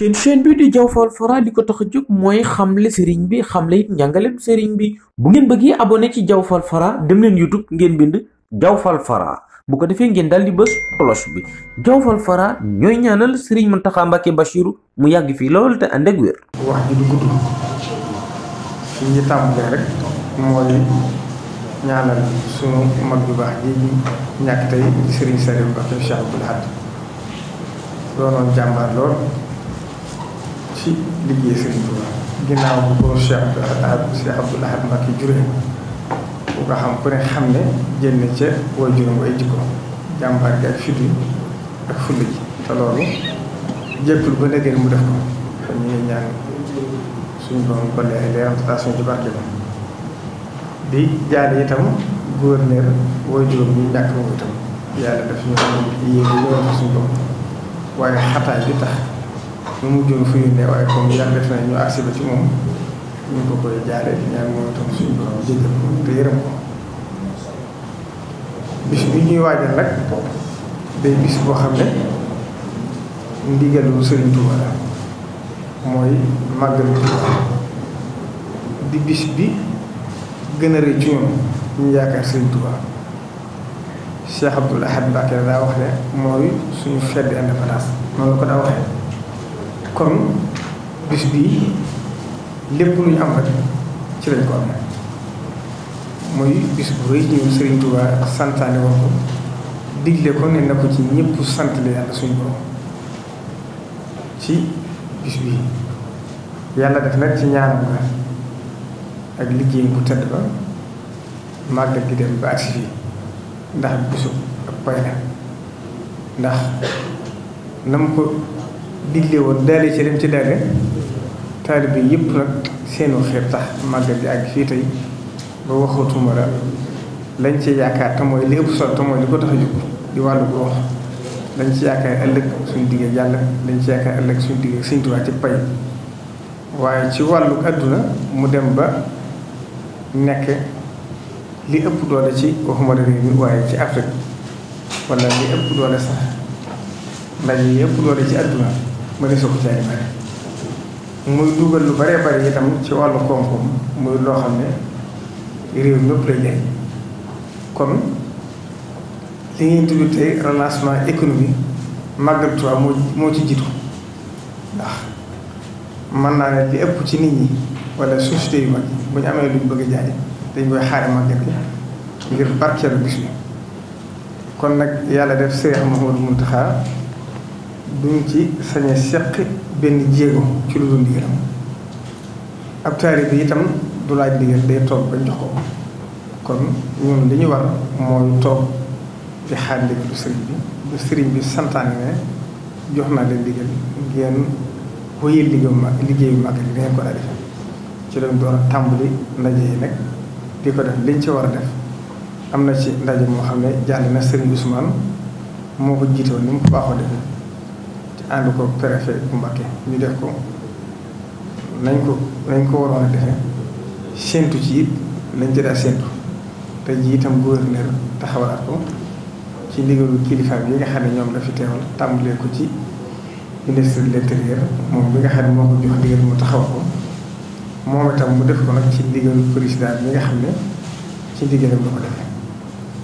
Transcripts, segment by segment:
seen chaîne bi di Diawfal Fara di ko tax juk moy xam le serigne bi xam le ñangalem serigne bi bu ngeen bëggee abonné ci Diawfal Fara dem leen YouTube ngeen bind Diawfal Fara bu ko defé ngeen dal di bëss cloche bi Diawfal Fara ñoy ñaanal sëriñ Mountakha Mbacké bashirou mu yagg fi lool te ànd ak wér. wax ji du gudd fi tam tàmbalee rek moy ñaanal suñu mag bu baax ji ñak tay serigne serigne Mbacké Cheikh abdou Ahad doonoon jambar lool. ci liggéey Serigne Touba ginnaaw bu ko Cheikh Abdoul Ahad Mbacké juree bu ko xam ku ne xam ne génn ca way juróom ay jikko jàmbaar gi ak fit yi ak fulla ji te loolu jékkul ba léegi mu def ko xam ñu ngi ñaan suñu borom ko leer leeram te suñu ci barke ba di jaale itam gouverneur way juróom ñu ñàkk moom itam yàlla daf ñu am yéen ñëwoon suñu borom waaye xataa bi tax ñu mujjoon fu ñu ne waaye comme yàlla def na ñu agsi ba ci moom ñu ko koy jaaree di moom itam suñu ko te ñuy waajal nag day bis boo xam ne ndigalu Sëriñ Tuuba la mooy màggalu Tuuba di bis bi gën a rëy ci ñoom ñu yaakaar Sëriñ Tuuba Cheikh Abdoul Ahad Mbacké daa wax ne mooy suñu fête d'indépendance noonu la ko daa waxee kon bis bii lépp lu ñu am rek ci lañ ko am mooy bis bu rëy Sëriñ Tuubaa santaane woon ko digle ko ne na ko ci ñëpp sant la yàlla suñu borom ci bis bii yàlla def nag ci ñaanam nga ak liggéey bu tedd ba màggal gi dem ba agsi fii ndax bisu ak pay la ndax na mu ko digle woon daale ci dem ci daale taalibe bi yëpp nag seenu xeer tax màggal gi ak fii tey ba waxatuma la lañ ci yaakaar te mooy li ëpp solo te mooy li ko tax a di wàllu ruux lañ ci yaakaar ëllëg suñu digg yàlla lañ ci yaakaar ëllëg suñu digg Sëñ Tuubaa ci pay waaye ci wàllu àdduna mu dem ba nekk li ëpp doole ci waxuma la réew waaye ci Afrique wala li ëpp doole sax ndaje yi ëpp doole ci àdduna mëne mëneesu ko ay bari muy duggal lu bare bare itam ci wàllu koom-koom muy loo xam ne réew mépp lay jëriñ kon li ngeen tudd tey relancement économique màggal Tuubaa moo moo ci jitu ndax mën naa ne li ëpp ci nit ñi wala société yu mag bu ñu amee lu bëgg jaay dañ koy xaari màggal ngir barkeelu gis ñu kon nag yàlla def Sëriñ Mouhamadou Mountakha duñ ci sañe seq benn jéego ci lu dul ndigalam ab taalibe bi itam du laaj ndigal day toog bañ jox ko kon ñun li war mooy toog di xaar ndigalu sëriñ bi sëriñ bi santaane ne jox naa leen ndigal ngeen wéyal liggéeyu mag liggéeyu mag bi dangeen ko daa defe ci lañ door a tàmbali ndaje yi nag di ko def liñ ci war a def am na ci ndaje moo xam ne jàll na sëriñ Ousmane moo ko jiite woon ko baaxoo ànd ko préfet bu Mbacké ñu def ko nañ ko nañ ko waroon a defee séntu ci it lañ ci daa séntu te ji itam gouverneur taxawalaat ko ci ndigalu kilifa bi nga xam ne ñoom la fi teewal tàmbalee ko ci ministre de l'intérieur moom bi nga xam ne moo ko jox ndigal mu taxaw ko moom itam mu def ko nag ci ndigalu président bi nga xam ne ci ndigalam la ko defee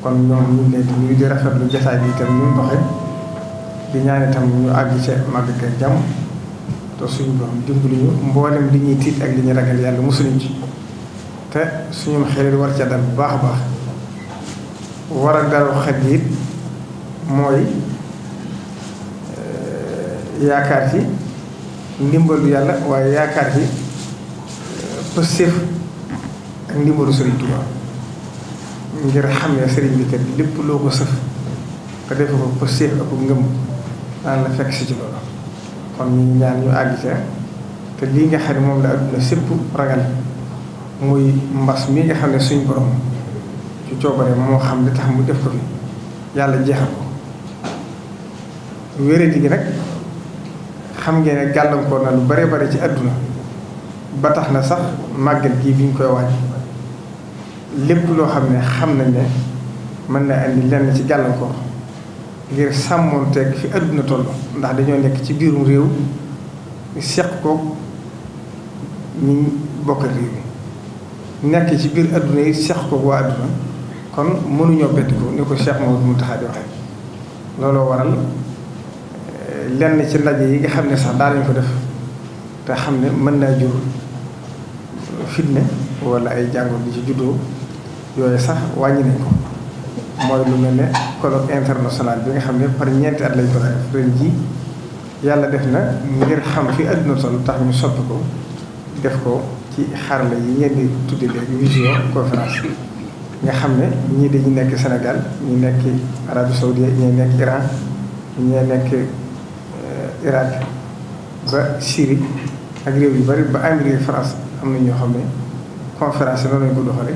kon ñoom ñu ngi leen di rafetlu jasaay bi itam ñu doxee. di ñaan itam ñu àgg ca màgg ka jàmm te suñu borom dimbali ñu mboolem li ñuy tiit ak li ñuy ragal yàlla mosuñu ci te suñu xel war ca dal bu baax a baax war a dal xel yi mooy euh, yaakaar ci ndimbalu yàlla waaye yaakaar ci euh, pëstéef ak ndimbalu Sëriñ Tuubaa ngir xam ne sëriñ bi kat lépp loo ko sëf te defe ko pëstéef ak ngëm daan la fekk si ci loolu kon ñu ñaan ñu àgg te lii nga xam ne moom la adduna sépp ragal muy mbas mi nga xam ne suñ borom ci coobare moo xam li tax mu def ko fi yàlla jeexal ko wéradi gi nag xam ngeen ne gàllankoor na lu bare bare ci adduna ba tax na sax màggal gii bi ñu koy waaj lépp loo xam ne xam nañ ne mën na andi lenn ci gàllankoor ngir teg fi àdduna toll ndax dañoo nekk ci biirum réew seq ko ñu bokk réew mi nekk ci biir àdduna yi seq ko waa àdduna kon mënuñoo bett ko ni ko Cheikh mu Mountakha di waxee looloo waral eh, lenn ci ndaje yi nga xam ne sax daa lañ ko def te xam ne mën naa jur fitne wala ay jàngoo bi ci juddoo yooyu sax wàññi nañ ko mooy lu mel ne colloque international bi nga xam ne par ñeenti at lañ ko def ren ji yàlla def na ngir xam fi àdduna toll tax ñu soppi ko def ko ci xarala yi ngeen di tudde léegi visio conférence nga xam ne ñii dañu nekk Sénégal ñi nekk Arabie Saoudite ñi nekk Iran ñi nekk Irak ba Syrie ak réew yu bari ba Amérique France am na ñoo xam ne conférence noonu lañ ko doxale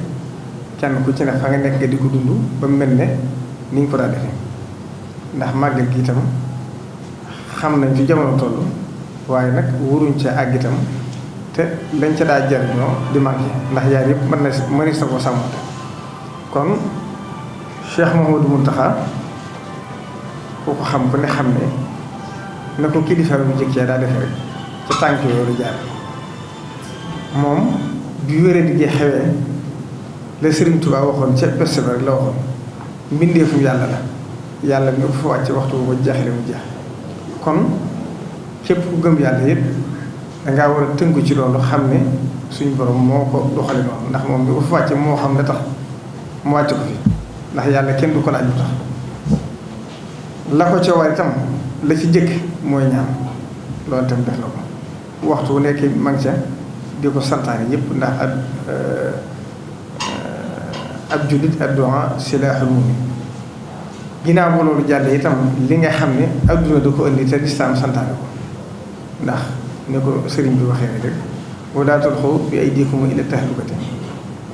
kenn ku ci ne fa nga nekk di ko dund ba mel ne ni nga ko daa defee ndax màggal gi itam xam nañ fi jamono toll waaye nag wuruñ ca àgg itam te lañ ca daa jar ñoo di manqué ndax yaay yëpp mën na mënees na ko sàmmante kon Cheikh Mouhamadou Mountakha ku ko xam ku ne xam ne na ko kilifa bu njëkk yaa daa defe rek ca tànk yooyu jaar moom bi wéradi gi xewee la Serigne Touba waxoon ca bés ba la waxoon mbindeefum yàlla la yàlla mi fa wàcce waxtu bu jaaxle mu jeex kon képp ku gëm yàlla yëpp dangaa war a ko ci loolu xam ne suñu borom moo ko doxale noonu ndax moom mi ko fa wàcce moo xam ne tax mu wàcce ko fi ndax yàlla kenn du ko laaj lu tax la ko ca war itam la ci jëkk mooy ñaan loolu itam def na ko waxtu wu nekk mag ca di ko santaane yëpp ndax ak euh, ab jullit addu'a silaaxul mu'min ginnaaw ba loolu jàll itam li nga xam ne adduna da ko indi te lislaam santaane ko ndax ne ko sëriñ bi waxee rek walaa tulquu bi aydiikum ilaa tahlukati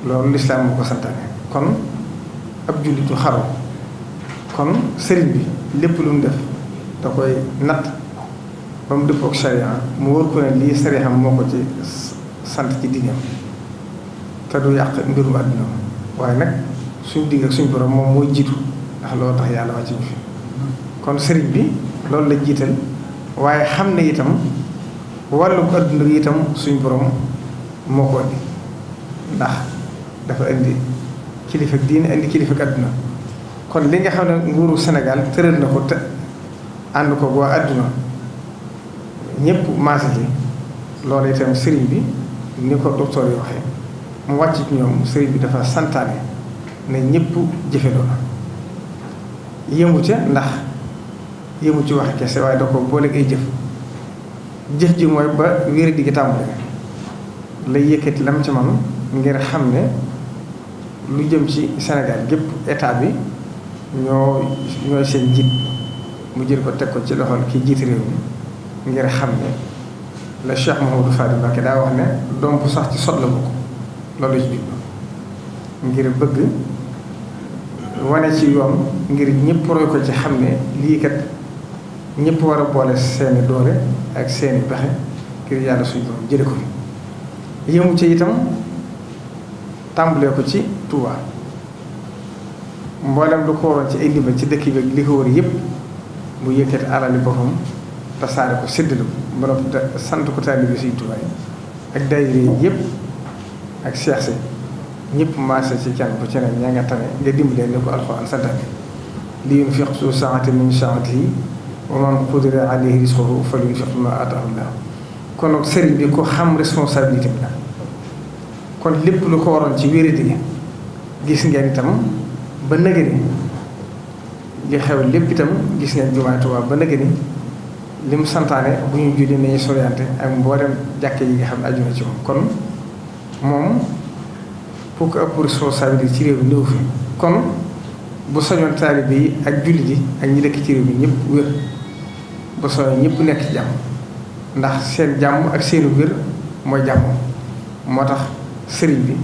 loolu lislaam moo ko santaane kon ab jullitu xaru kon sëriñ bi lépp lu mu def da koy natt ba mu dëppook sariya mu wër ko ne lii sariya moo ko ci sant ci diineem te du yàq mbirum àdduna waaye nag suñ digg ak suñ borom moom moo jiitu ndax loolu tax yàlla wàcc ñu fi kon sëriñ bi loolu la jiital waaye xam ne itam wàllu ko adduna bi suñ borom moo ko indi ndax dafa indi kilifa diin indi kilifa adduna kon li nga xam ne nguuru Sénégal tëral na ko te ànd ko waa adduna ñëpp maas yi loolu itam sëriñ bi ni ko docteur yi waxee mu wàcc ci ñoom sëriñ bi dafa santaane ne ñëpp jëfe loolu yëmu ca ndax yëmu ci wax kese waaye da ko boole ay jëf jëf ji mooy ba wéer digg tàmbale yëkkati lam ci man ngir xam ne lu jëm ci Sénégal gépp état bi ñoo ñooy seen jiit mu jël ko teg ko ci loxol ki jiit réew mi ngir xam ne la Cheikh Mouhamadou Fadi Mbacké daa wax ne doom bu sax ci sot la bokk loolu la ci jublu ngir bëgg wane ci yoon ngir ñëpp roy ko ci xam ne lii kat ñëpp war a boole seeni doole ak seeni pexe ngir yàlla suñu borom jële ko fi yëmu ci itam tàmbalee ko ci Touba mboolem lu ko waroon ci ay ndimbal ci dëkk bi li ko wër yëpp mu yëkkati alali boppam tasaare ko séddale ko ba sant ko taalibe suñu Touba yi ak daayira yépp ak seex si ñëpp marché ci kenn ku ci ne ña nga tane nga dimbalee ni ko alxuraan santaane li yunfiq su saati min saatihi wa man qudira alayhi rizquhu falyunfiq ma ataahu kon nag sëriñ ko xam responsabilité kon lépp lu ko waroon ci wér-gu-gi gis ngeen ba nëgë ni lépp itam gis ngeen ba nëgë ni li mu santaane bu ñu julli nañu soriyante ak mboolem jàkke yi nga xam ne aju na ci moom kon moom pour que ëpp responsabilité ci réew mi néew fi kon bu sañoon taalibe yi ak jullit yi ak ñi dëkk ci réew mi ñëpp wér ba sañoon ñëpp nekk ci jàmm ndax seen jàmm ak seenu wér moo jàmm moo tax sëriñ bi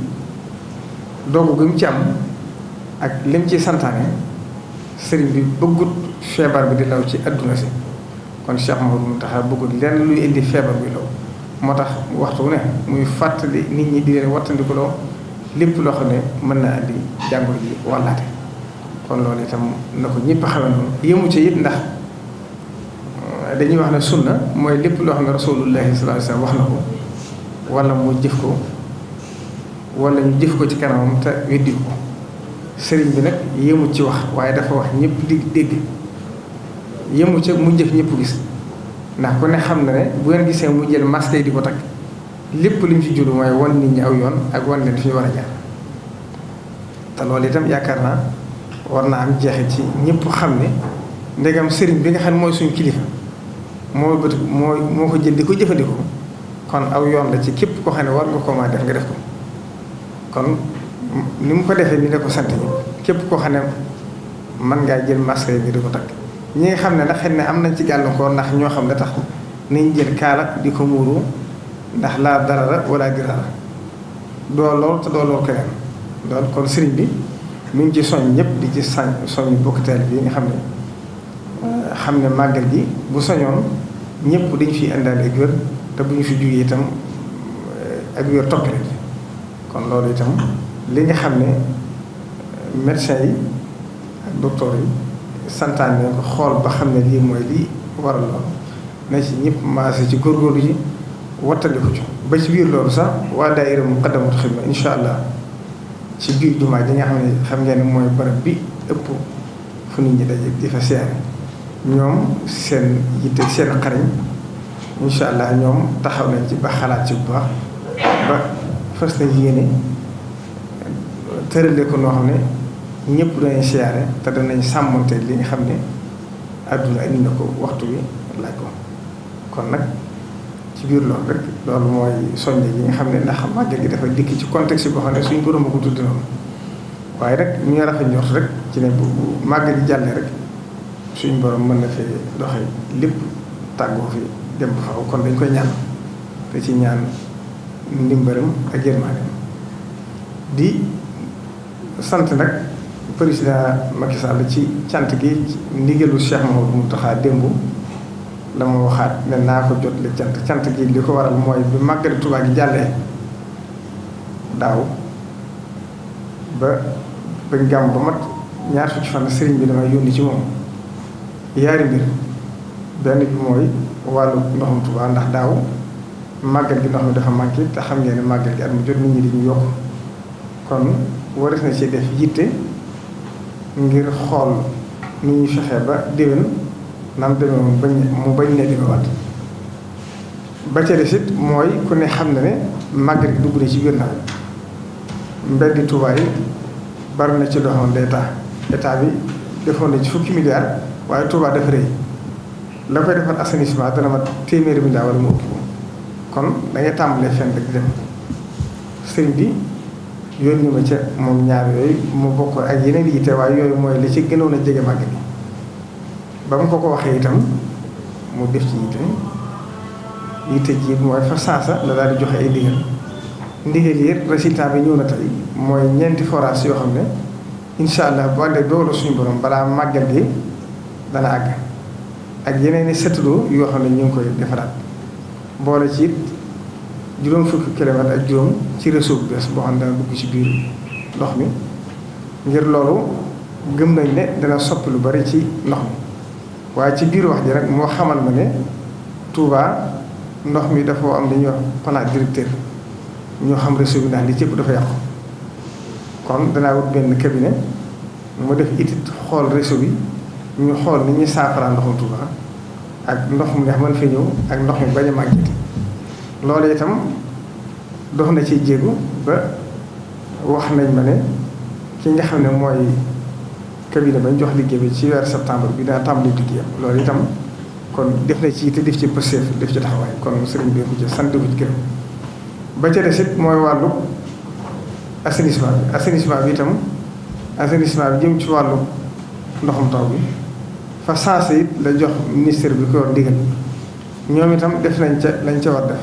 doogu gi mu ci am ak lim ci santaane sëriñ bi bëggut feebar bi di law ci àdduna si kon Cheikh tax Mountakha bëggut lenn luy indi feebar bi law moo tax waxtu wu ne muy fàttali nit ñi di leen wattandikuloo lépp loo xam ne mën na andi jàngoro ji wàllaate kon loolu itam na ko ñëpp xamal noonu yëmu ci it ndax euh, dañuy wax ne sunna mooy lépp loo xam ne rasulullahi sallallahu alayhi wasallam wax na ko wala mu jëf ko wala ñu jëf ko ci kanamam te weddi ko sëriñ bi nag yëmu ci wax waaye dafa wax ñëpp di dégg yëmu ci mu jëf ñëpp gis ndax ku ne xam na ne bu ngeen gisee mu jël masque yi di ko takk lépp li mu ci julu mooy wan nit ñi aw yoon ak wan leen fi ñu war a jaar te loolu itam yaakaar naa war naa am jeexit ci ñëpp xam ne ndegam sëriñ bi nga xam ne mooy suñ kilifa moo bët moo moo ko jël di ko jëfandikoo kon aw yoon la ci képp koo xam ne war nga ko ma def nga def ko kon ni mu ko defee ni la ko sant ñëpp képp koo xam ne mën ngaa jël masque yi di ko takk. ñi xam ne nag xëy ne am nañ ci gàllankoor ndax ñoo xam ne tax nañ jël kaala di ko muuru ndax laa darara wala dirara doo lool te doo lool keneen loolu kon sëriñ bi mi ngi ci soñ ñëpp di ci sañ soñ bokkiteel bi nga xam ne euh, xam ne màggal gi bu soñoon ñëpp dañ fi indaale ak wér te bu ñu fi jugee itam euh, ak wér topp kon loolu itam li nga xam ne euh, médecins yi ak docteurs yi. santaan ko xool ba xam ne lii mooy lii waral loolu na ci ñëpp maase ci góorgóorlu ji wattandiku ci ba ci biir loolu sax waa daayira mu xaddamatu xidma incha allah ci biir jumaa ji nga xam ne xam ngeen ne mooy barab bi ëpp fu nit ñi daje di fa seere ñoom seen yitte seen xariñ incha allah ñoom taxaw nañ ci ba xalaat ci bu baax ba fas na yéene tërale ko noo xam ne ñépp danañ siyaare te danañ sàmmante li nga xam ne àdduna indi na ko waxtu wi laaj ko kon nag ci biir loolu rek loolu mooy soññe yi nga xam ne ndax màggal gi dafa dikk ci contexte boo xam ne suñ borom a ko tudd noonu waaye rek ñu nga rafet njort rek ci ne bu bu màggal gi jàllee rek suñ boroom mën na fee doxee lépp tàggoo fi dem ba faaw kon dañ koy ñaan te ci ñaan ndimbalam ak yërmaandeem di sant nag. président Macky Sall ci cant gi ndigalu Cheikh Mouhamadou Mountakha démb la ma waxaat ne naa ko jot li cant cant gi li ko waral mooy bi màggali Tuubaa gi jàllee daaw ba ba gàmm ba mat ñaar fukki fan sëriñ bi damay yónni ci moom yaari mbir benn bi mooy wàllu ndoxum Tuubaa ndax daaw màggal gi ndox mi dafa manqué te xam ngeen ne màggal gi at mu jot nit ñi di ñu yokk kon waris na ci def yitte ngir xool nu ñuy fexe ba déwén nam demee mu bañ mu bañ ne demewaat ba ca des it mooy ku ne xam na ne màggal gi dugg na ci génn na mbedd Tuubaa yi bari na ci loo xam ne day tax état bi defoon na ci fukki milliards waaye Tuubaa dafa rëy la koy defal assainissement dana mat téeméeri milliards wala mu ëpp ko kon da ngay tàmbalee fenn di dem sëñ bi. yónni ma ca moom ñaar yooyu mu bokk ak yeneen yitte waaye yooyu mooy li ci gënoon a jege màgg bi ba mu ko ko waxee itam mu def ci yitte yitte ji mooy fa saasa la daal di joxe ay ndigal ndigal yi bi ñëw na tey mooy ñeenti forage yoo xam ne incha allah bu àndee doolu suñu borom balaa màggal gi dana àgg ak yeneen i seetlu yoo xam ne ñu ngi koy defaraat boole ci it juróom fukki kilomètre ak juróom ci réseau bu bees boo xam ne dana dugg ci biir ndox mi ngir loolu gëm nañ ne dana soppi lu bari ci ndox mi waaye ci biir wax ji moo xamal ma ne Touba ndox mi dafa am li ñuy wax plan directeur ñoo xam réseau bi ndax li cëpp dafa yàqu kon danaa wut benn cabinet mu def étude xool réseau bi ñu xool ni ñuy saafara ndoxum Touba ak ndox mu neex mën fee ñëw ak ndox mi bañ a màgg loolu itam dox na ci jéegu ba wax nañ ma ne ki nga xam ne mooy cabinet bañ jox liggéey bi ci weer septembre bi daa tàmbali liggéeyam loolu itam kon def na ci te def ci pëseef def ci taxawaay kon sëriñ bi ko ci sant bu ba ca des it mooy wàllu assainissement bi assainissement bi itam assainissement bi jëm ci wàllu ndoxum taw bi fa saase it la jox ministère bi ko war ñoom itam def nañ ca lañ ca war def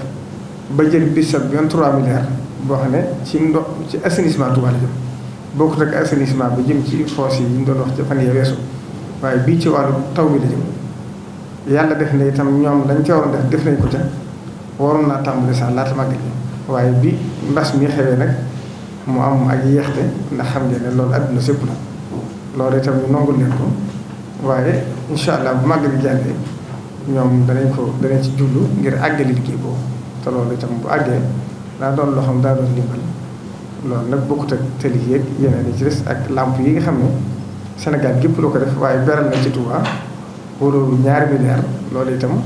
ba jël budget bi 23 milliards boo xam ne ci ndox ci assainissement Touba la jëm bokkut ak assainissement bi jëm ci fosse yi ñu doon wax ci fan yee waaye bii ci wàllu taw bi la yàlla def na itam ñoom lañ ca waroon def def nañ ko ca waroon naa tàmbali sax laata màggal waaye bi mbas mi xewee nag mu am ak yeexte ndax xam ngeen ne loolu àdduna sépp la loolu itam waaye incha allah bu màggal bi jàllee ñoom danañ ko danañ ci jublu ngir àggali liggéey boobu te itam bu àggee daa doon loxoom xam daa doon loolu nag bokkut ak tëli yeeg yeneen yi ci des ak làmp yi nga xam ne senegal gépp loo ko def waaye beral na ci Touba wóorul ñaari milliards loolu itam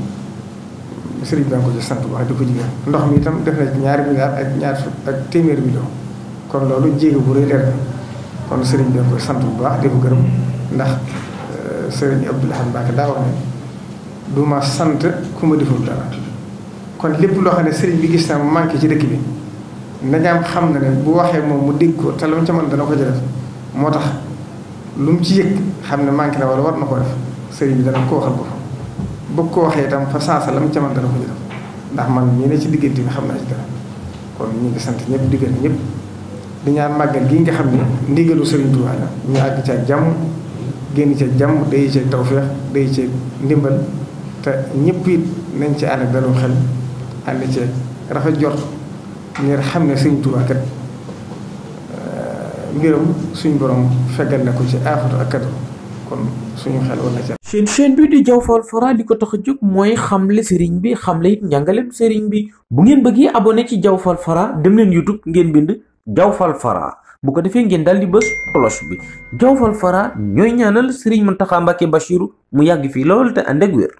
sëriñ bi ko ci sant bu baax di ko ndox mi itam def na ci ak ñaar ak téeméeri kon loolu jéego bu rëy leer sëriñ bi ko sant bu baax di ko gërëm ndax euh, sëriñ Abdoul Ahad Mbacké daa wax ne du sant ku ma deful dara kon lépp loo xam ne sëriñ bi gis na mu manqué ci dëkk bi ndajaam xam na ne bu waxee moom mu digg ko te lu mu ca mën dana ko jëlal moo tax lu mu ci yëg xam ne manqué na wala war na ko def sëriñ bi dana ko ko bëgg ko waxee itam saasa la mu ca mën ko ndax man ñi ne ci diggante bi xam naa kon ñu ngi sant ñëpp diggante ñëpp di ñaan màggal gi nga xam ne ndigalu sëriñ Tuubaa la ñu àgg ca jàmm génn ca jàmm day ca tawféex day ca ndimbal te ñëpp it nañ ci ànd ak dalum xel ànd ci rafa jot ngir xam seigne touba Tuubaa kat eh, ngirum suñu borom fegal na ko ci aafatu ak kon suñu xel wala ci seen seen bi di Diawfal Fara li tax juk moy xam xamle serigne bi xam it njàngaleem serigne bi bu ngeen bëggee abonné ci Diawfal Fara dem leen YouTube ngeen bind Diawfal Fara bu ko defé ngeen dal di bëss cloche bi Diawfal Fara ñoy ñaanal sëriñ Mountakha Mbacké bashiru mu yagg fi lolou te andek wër